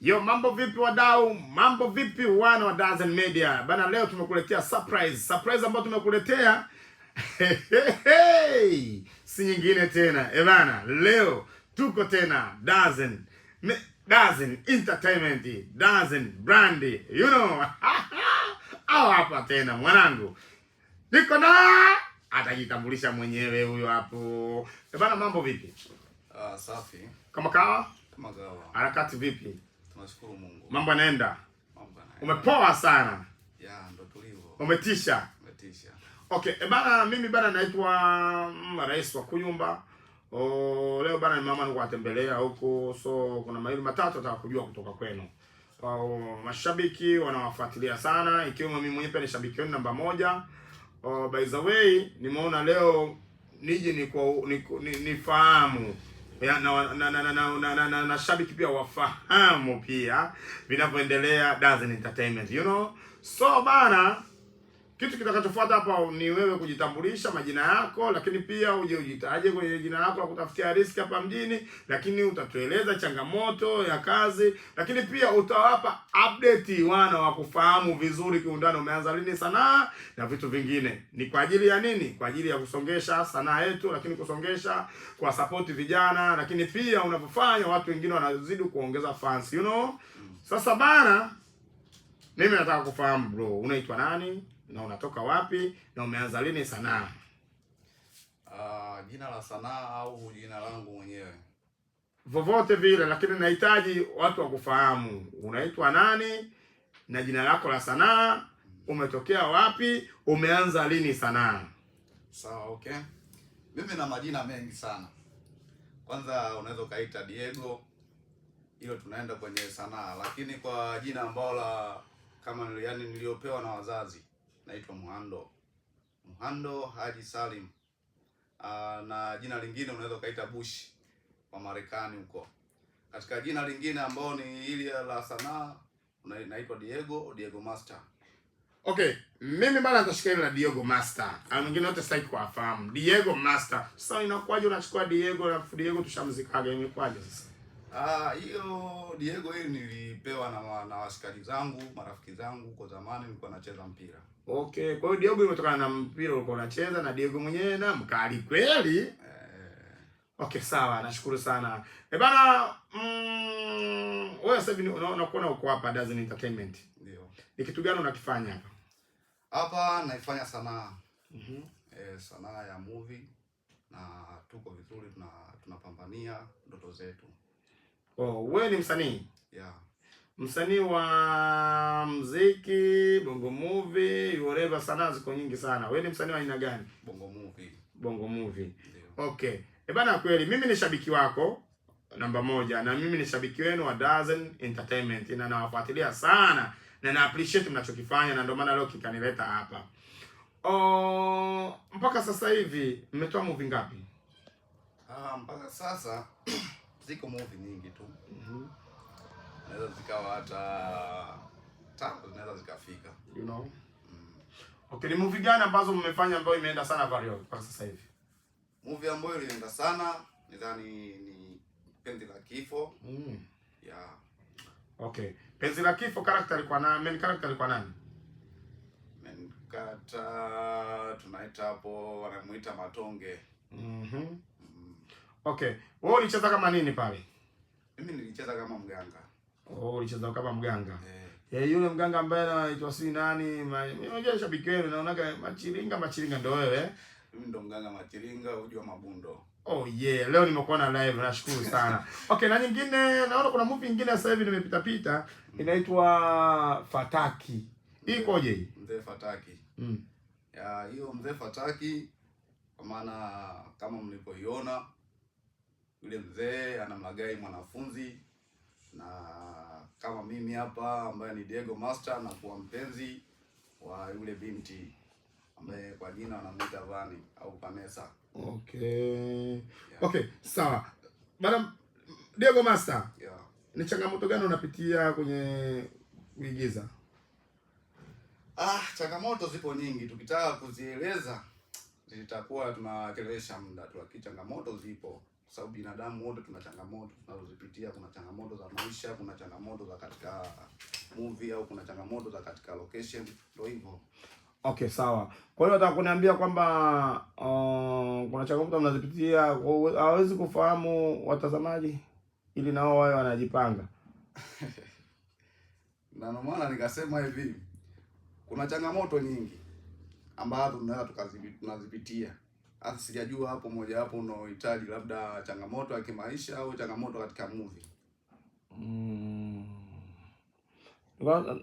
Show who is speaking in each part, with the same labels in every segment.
Speaker 1: Yo, mambo vipi wadau, mambo vipi wana wa Dazen Media bana, leo tumekuletea surprise. Surprise ambayo tumekuletea hey, hey, hey. si nyingine tena Eh bana, leo tuko tena Dazen Me, Dazen Entertainment, Dazen brand you know au hapa tena mwanangu, niko na atajitambulisha mwenyewe huyo hapo Eh bana, mambo vipi? Ah, Uh, safi kama kawa, kama kawa harakati vipi?
Speaker 2: Tunashukuru Mungu.
Speaker 1: Mambo yanaenda. Mambo yanaenda. Umepoa sana.
Speaker 2: Ya, ndo tulivyo.
Speaker 1: Umetisha. Umetisha. Okay, e bana, mimi bana naitwa mm, Rais wa Kuyumba. Oh, leo bana mama niko atembelea huko, so kuna maili matatu nataka kujua kutoka kwenu. Oh, mashabiki wanawafuatilia sana ikiwemo mimi mwenyewe ni shabiki wenu namba moja. Oh, by the way nimeona leo niji ni, ni, ni, na, na, na, na, na, na, na, na shabiki pia wafahamu pia vinavyoendelea Dazen Entertainment, you know so bana kitu kitakachofuata hapa ni wewe kujitambulisha majina yako, lakini pia uje ujitaje kwenye jina lako la kutafutia riziki hapa mjini, lakini utatueleza changamoto ya kazi, lakini pia utawapa update wana wa kufahamu vizuri kiundani umeanza lini sanaa na vitu vingine. Ni kwa ajili ya nini? Kwa ajili ya kusongesha sanaa yetu, lakini kusongesha kwa support vijana, lakini pia unavyofanya watu wengine wanazidi kuongeza fans, you know. Sasa bana, mimi nataka kufahamu bro, unaitwa nani? na unatoka wapi na umeanza lini sanaa?
Speaker 2: Uh, jina la sanaa au jina langu mwenyewe
Speaker 1: vovote vile, lakini nahitaji watu wakufahamu. Unaitwa nani na jina lako la sanaa, umetokea wapi, umeanza lini sanaa?
Speaker 2: Sawa, so, okay. Mimi na majina mengi sana. Kwanza unaweza ukaita Diego, hiyo tunaenda kwenye sanaa, lakini kwa jina ambalo la kama yani niliopewa na wazazi naitwa Muhando Muhando Haji Salim, Uh, na jina lingine unaweza ukaita Bush wa Marekani huko. Katika jina lingine ambao ni ili la sanaa naitwa Diego Diego Master.
Speaker 1: Okay, mimi bana nitashika ile la Diego Master. Au ah, mwingine wote sitaki kuwafahamu. Diego Master. Sasa inakuwaje unachukua Diego na Diego tushamzikaga imekwaje sasa?
Speaker 2: Ah, hiyo Diego hii nilipewa na, na askari zangu marafiki zangu kwa zamani, nilikuwa nacheza mpira.
Speaker 1: Okay, kwa hiyo Diego imetokana na mpira ulikuwa unacheza, na Diego mwenyewe na mkali kweli eh. Okay, sawa, nashukuru sana Eh, bana. Mm, wewe sasa hivi unakuona uko hapa Dazen Entertainment, ndio ni kitu gani unakifanya hapa?
Speaker 2: Hapa naifanya sanaa Mhm. mm eh, sanaa ya movie na tuko vizuri, tuna tunapambania ndoto zetu
Speaker 1: Oh, wewe ni msanii yeah. Msanii wa muziki, bongo movie, whatever, sanaa ziko nyingi sana. Wewe ni msanii wa aina gani?
Speaker 2: Bongo movie.
Speaker 1: Bongo movie. Yeah. Okay. Eh, bana kweli mimi ni shabiki wako namba moja na mimi ni shabiki wenu wa Dazen Entertainment na nawafuatilia sana na na appreciate mnachokifanya na ndio maana leo kikanileta hapa. Oh, mpaka sasa hivi mmetoa movie ngapi?
Speaker 2: Ah, mpaka sasa ziko movie nyingi tu mm -hmm. naweza zikawa hata tano zinaweza zikafika, you know mm.
Speaker 1: Okay, ni movie gani ambazo mmefanya ambayo imeenda sana viral kwa sasa hivi?
Speaker 2: Movie ambayo ilienda sana nadhani ni Penzi la Kifo mm. yeah.
Speaker 1: Okay, Penzi la Kifo character alikuwa na main character alikuwa nani?
Speaker 2: Main character tunaita hapo wanamuita Matonge.
Speaker 1: Mhm. Mm Okay. Wewe ulicheza kama nini pale?
Speaker 2: Mimi nilicheza kama mganga.
Speaker 1: Oh, ulicheza kama mganga. Eh, Yeah. eh yule mganga ambaye anaitwa si nani? Mimi unajua shabiki wenu naona kama machiringa machiringa ndio wewe. Eh?
Speaker 2: Mimi ndo mganga machiringa uji wa mabundo.
Speaker 1: Oh yeah, leo nimekuona live nashukuru sana. Okay, na nyingine naona kuna movie nyingine sasa hivi nimepita pita mm. inaitwa Fataki. Ikoje hii?
Speaker 2: Mzee Fataki. Mm. Ya hiyo Mzee Fataki kwa maana kama mlipoiona yule mzee anamlagai mwanafunzi na kama mimi hapa ambaye ni Diego Master na kuwa mpenzi wa yule binti ambaye kwa jina wanamuita Vani au Vanessa.
Speaker 1: Okay. Yeah. Okay, sawa. Madam Diego Master. Yeah. Ni changamoto gani unapitia kwenye kuigiza?
Speaker 2: Ah, changamoto zipo nyingi, tukitaka kuzieleza zitakuwa tunachelewesha muda tu, lakini changamoto zipo kwa sababu binadamu wote tuna changamoto tunazozipitia. Kuna changamoto za maisha, kuna changamoto za katika movie au kuna changamoto za katika location, ndio hivyo.
Speaker 1: Okay, sawa. Kwa hiyo nataka kuniambia kwamba uh, kuna changamoto mnazipitia, hawezi kufahamu watazamaji, ili nao wawe wanajipanga
Speaker 2: na ndio maana nikasema hivi, kuna changamoto nyingi ambazo tunaweza tukazipitia sasa ah, sijajua hapo mojawapo unaohitaji labda changamoto ya kimaisha au changamoto katika movie.
Speaker 1: Mm.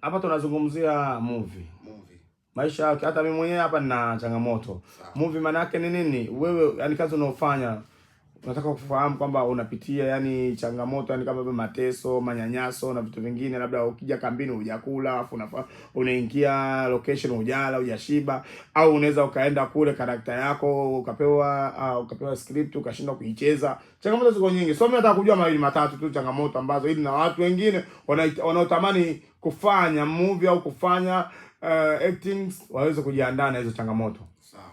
Speaker 1: Hapa tunazungumzia movie. Movie. Maisha hata mimi mwenyewe hapa nina changamoto. Movie maana yake ni nini? Wewe yani kazi unaofanya unataka kufahamu kwamba unapitia yani changamoto yani kama mateso, manyanyaso na vitu vingine, labda ukija kambini hujakula, afu unaingia location hujala, hujashiba, au unaweza ukaenda kule karakta yako ukapewa uh, ukapewa script ukashindwa kuicheza. Changamoto ziko nyingi, so mimi nataka kujua mawili matatu tu changamoto ambazo ili na watu wengine wanaotamani kufanya movie au kufanya uh, acting waweze kujiandaa na hizo changamoto.
Speaker 2: Sawa,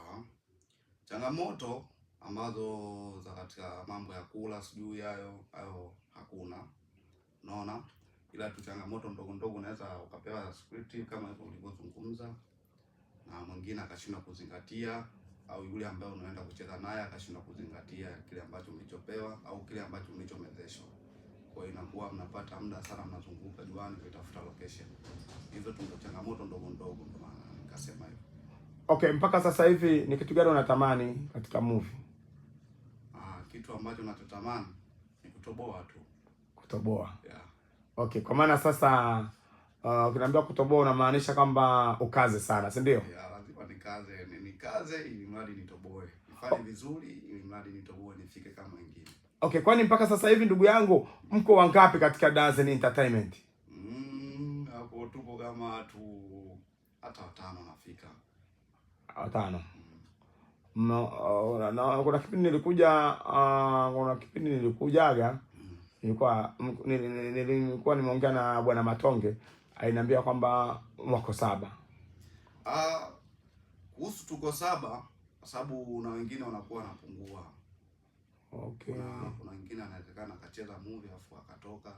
Speaker 2: changamoto ambazo za katika mambo ya kula sijui hayo hayo hakuna, unaona, ila tu changamoto ndogo ndogo unaweza ukapewa script kama hivyo ulivyozungumza, na mwingine akashindwa kuzingatia, au yule ambaye unaenda kucheza naye akashindwa kuzingatia kile ambacho ulichopewa au kile ambacho ulichomezeshwa. Kwa hiyo inakuwa mnapata muda sana, mnazunguka juani kutafuta location. Hizo tu ndo changamoto ndogo ndogo, ndio maana nikasema hivyo.
Speaker 1: Okay, mpaka sasa hivi ni kitu gani unatamani katika movie?
Speaker 2: kitu ambacho nachotamani ni kutoboa tu. Kutoboa, yeah.
Speaker 1: Okay, kwa maana sasa ukinaambia uh, kutoboa unamaanisha kwamba ukaze sana, si ndio?
Speaker 2: Yeah, lazima nikaze, nikaze ili mradi nitoboe, nifanye oh, vizuri ili mradi nitoboe, nifike kama wengine.
Speaker 1: Okay, kwani mpaka sasa hivi ndugu yangu mko wangapi katika Dazen Entertainment?
Speaker 2: Mm, hapo tupo kama watu hata watano nafika.
Speaker 1: Watano kuna kipindi nilikuja, ah, kuna kipindi nilikujaga, nilikuwa nilikuwa nimeongea na Bwana Matonge, ainiambia kwamba mwako saba
Speaker 2: ah, kuhusu tuko saba, kwa sababu na wengine wanakuwa wanapungua. Okay, kuna wengine anatakana akacheza movie afu akatoka,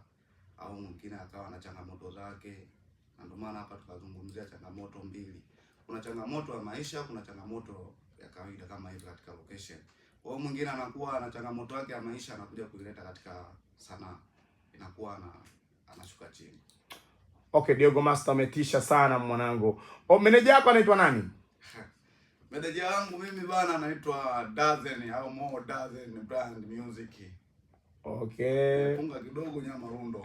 Speaker 2: au mwingine akawa na changamoto zake, na ndio maana hapa tukazungumzia changamoto mbili. Kuna changamoto ya maisha, kuna changamoto ya kawaida kama hivyo katika location. Kwa hiyo mwingine anakuwa na changamoto yake ya maisha, anakuja kuileta katika sanaa, inakuwa na anashuka chini.
Speaker 1: Okay, Diogo Master umetisha sana mwanangu. O, meneja yako anaitwa nani?
Speaker 2: Meneja wangu mimi bana anaitwa Dazen au Mo Dazen Brand Music.
Speaker 1: Okay.
Speaker 2: Mpunga kidogo nyama rundo.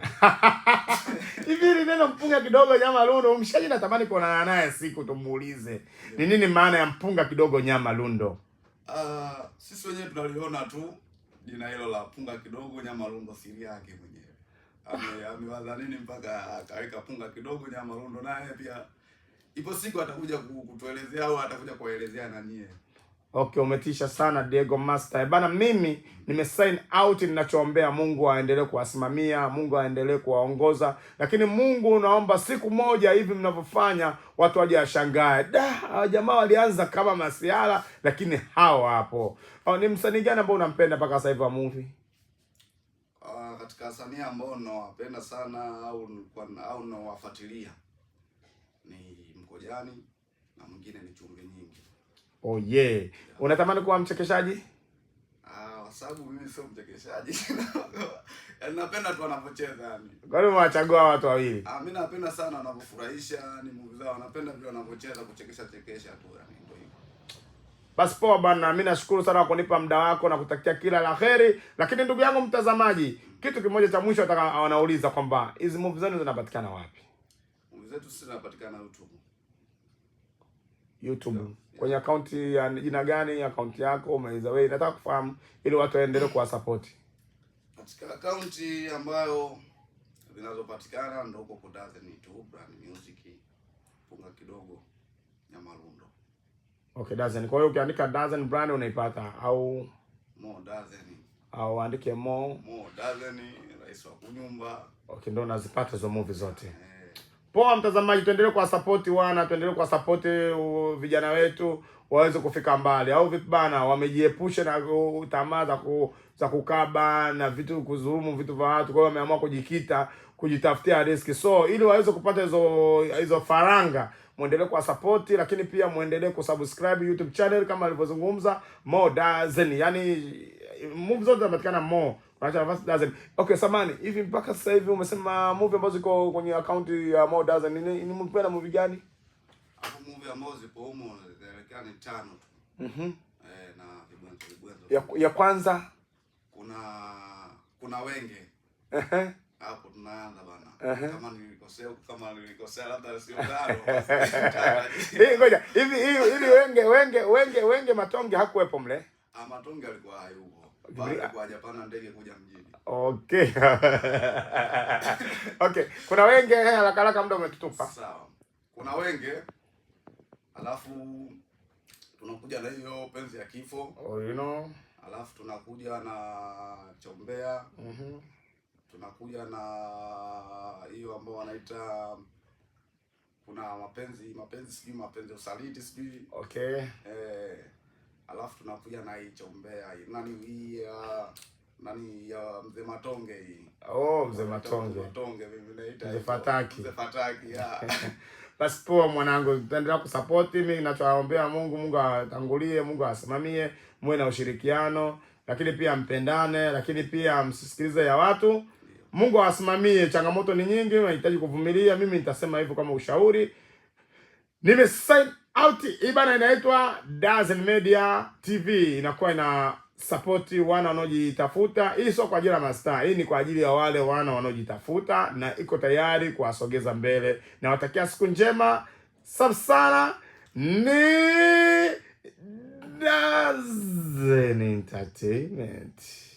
Speaker 1: Hivi ni neno mpunga kidogo nyama rundo, mshaji natamani kuonana naye siku tumuulize. Ni nini maana ya mpunga kidogo nyama rundo?
Speaker 2: Uh, sisi wenyewe tunaliona tu jina hilo la punga kidogo nyama rundo, siri yake mwenyewe. Ame amewaza nini mpaka akaweka punga kidogo nyama rundo, naye pia ipo siku atakuja kutuelezea au atakuja kuelezea na nyie.
Speaker 1: Okay, umetisha sana Diego Master. Bana, mimi nime sign out. Ninachoombea Mungu aendelee kuwasimamia, Mungu aendelee kuwaongoza, lakini Mungu naomba siku moja hivi mnavyofanya watu waje washangae, da hawa jamaa walianza kama masiara, lakini hawa hapo. Oh, ni msanii gani ambao unampenda mpaka sasa hivi wa movie?
Speaker 2: Uh, katika wasanii ambao nawapenda sana au au nawafuatilia ni Mkojani na mwingine ni Chumvi Nyingi.
Speaker 1: Oh yeah. Unatamani kuwa mchekeshaji?
Speaker 2: Ah, sababu mimi sio mchekeshaji. Yaani napenda tu wanapocheza yani.
Speaker 1: Kwa nini unachagua watu wawili?
Speaker 2: Ah, mimi napenda sana wanapofurahisha, ni movie zao. Napenda vile wanapocheza kuchekesha chekesha tu yani
Speaker 1: Basi poa bana, mimi nashukuru sana kwa kunipa muda wako na kutakia kila la heri. Lakini ndugu yangu mtazamaji, kitu kimoja cha mwisho nataka wanauliza ah, kwamba hizi movie zenu zinapatikana wapi?
Speaker 2: Movie zetu sisi zinapatikana YouTube.
Speaker 1: YouTube yeah. kwenye akaunti ya jina gani? Akaunti yako umeweza wewe, nataka kufahamu ili watu waendelee kuwasupport
Speaker 2: katika akaunti ambayo zinazopatikana ndo huko ni tu brand music punga kidogo marundo.
Speaker 1: Okay, dozen. Kwa hiyo ukiandika dozen brand unaipata au
Speaker 2: Mo dozen
Speaker 1: au andike more
Speaker 2: more dozen, rais wa kunyumba.
Speaker 1: Okay, ndio nazipata hizo movie zote. yeah. Poa mtazamaji, tuendelee kwa support wana, tuendelee kwa support vijana wetu waweze kufika mbali, au vipi bana? Wamejiepusha na tamaa za ku, za kukaba na vitu kuzuumu vitu vya watu, kwa hiyo wameamua kujikita kujitafutia riski, so ili waweze kupata hizo hizo faranga mwendelee kwa support, lakini pia mwendelee kusubscribe YouTube channel kama alivyozungumza Mo Dazen, yani move zote zinapatikana Mo Unaacha nafasi dozen. Okay, samani, hivi mpaka sasa hivi umesema movie ambazo ziko kwenye account ya Mo Dozen. Ni ni mpenda movie gani?
Speaker 2: Hapo movie ambazo zipo humo zinaelekea ni tano tu.
Speaker 1: Mhm. Eh,
Speaker 2: na vibwenzo vibwenzo.
Speaker 1: Ya, ya kwanza
Speaker 2: kuna kuna wenge. Ehe. Hapo tunaanza bana. Ehe. Kama nilikosea kama nilikosea labda sio tano.
Speaker 1: Hii ngoja. Hivi hivi wenge wenge wenge wenge matonge hakuwepo mle.
Speaker 2: Ah, matonge alikuwa hayupo.
Speaker 1: Okay. Okay, kuna wenge eh, haraka haraka, muda umetutupa.
Speaker 2: Sawa, kuna wenge alafu tunakuja na hiyo penzi ya kifo
Speaker 1: oh, you know.
Speaker 2: Alafu tunakuja na chombea mm Tunakuja na hiyo ambao wanaita kuna mapenzi mapenzi, sijui mapenzi usaliti, sijui okay. Eh, alafu tunakuja na hii chombea hii nani hii nani ya mzee Matonge hii.
Speaker 1: Oh, mzee Matonge,
Speaker 2: Matonge mimi naita
Speaker 1: mzee Fataki,
Speaker 2: mzee Fataki ya
Speaker 1: basi. Poa mwanangu, endelea kusupport mimi. Ninachowaombea Mungu, Mungu atangulie, Mungu asimamie, muwe na ushirikiano, lakini pia mpendane, lakini pia msisikilize ya watu. Mungu awasimamie. Changamoto ni nyingi, unahitaji kuvumilia. Mimi nitasema hivyo kama ushauri. Nimesaini Out hii inaitwa Dazen Media TV, inakuwa ina support wana wanaojitafuta. Hii sio kwa ajili ya mastaa, hii ni kwa ajili ya wale wana wanaojitafuta na iko tayari kuwasogeza mbele. Nawatakia siku njema, safi sana. Ni Dazen Entertainment.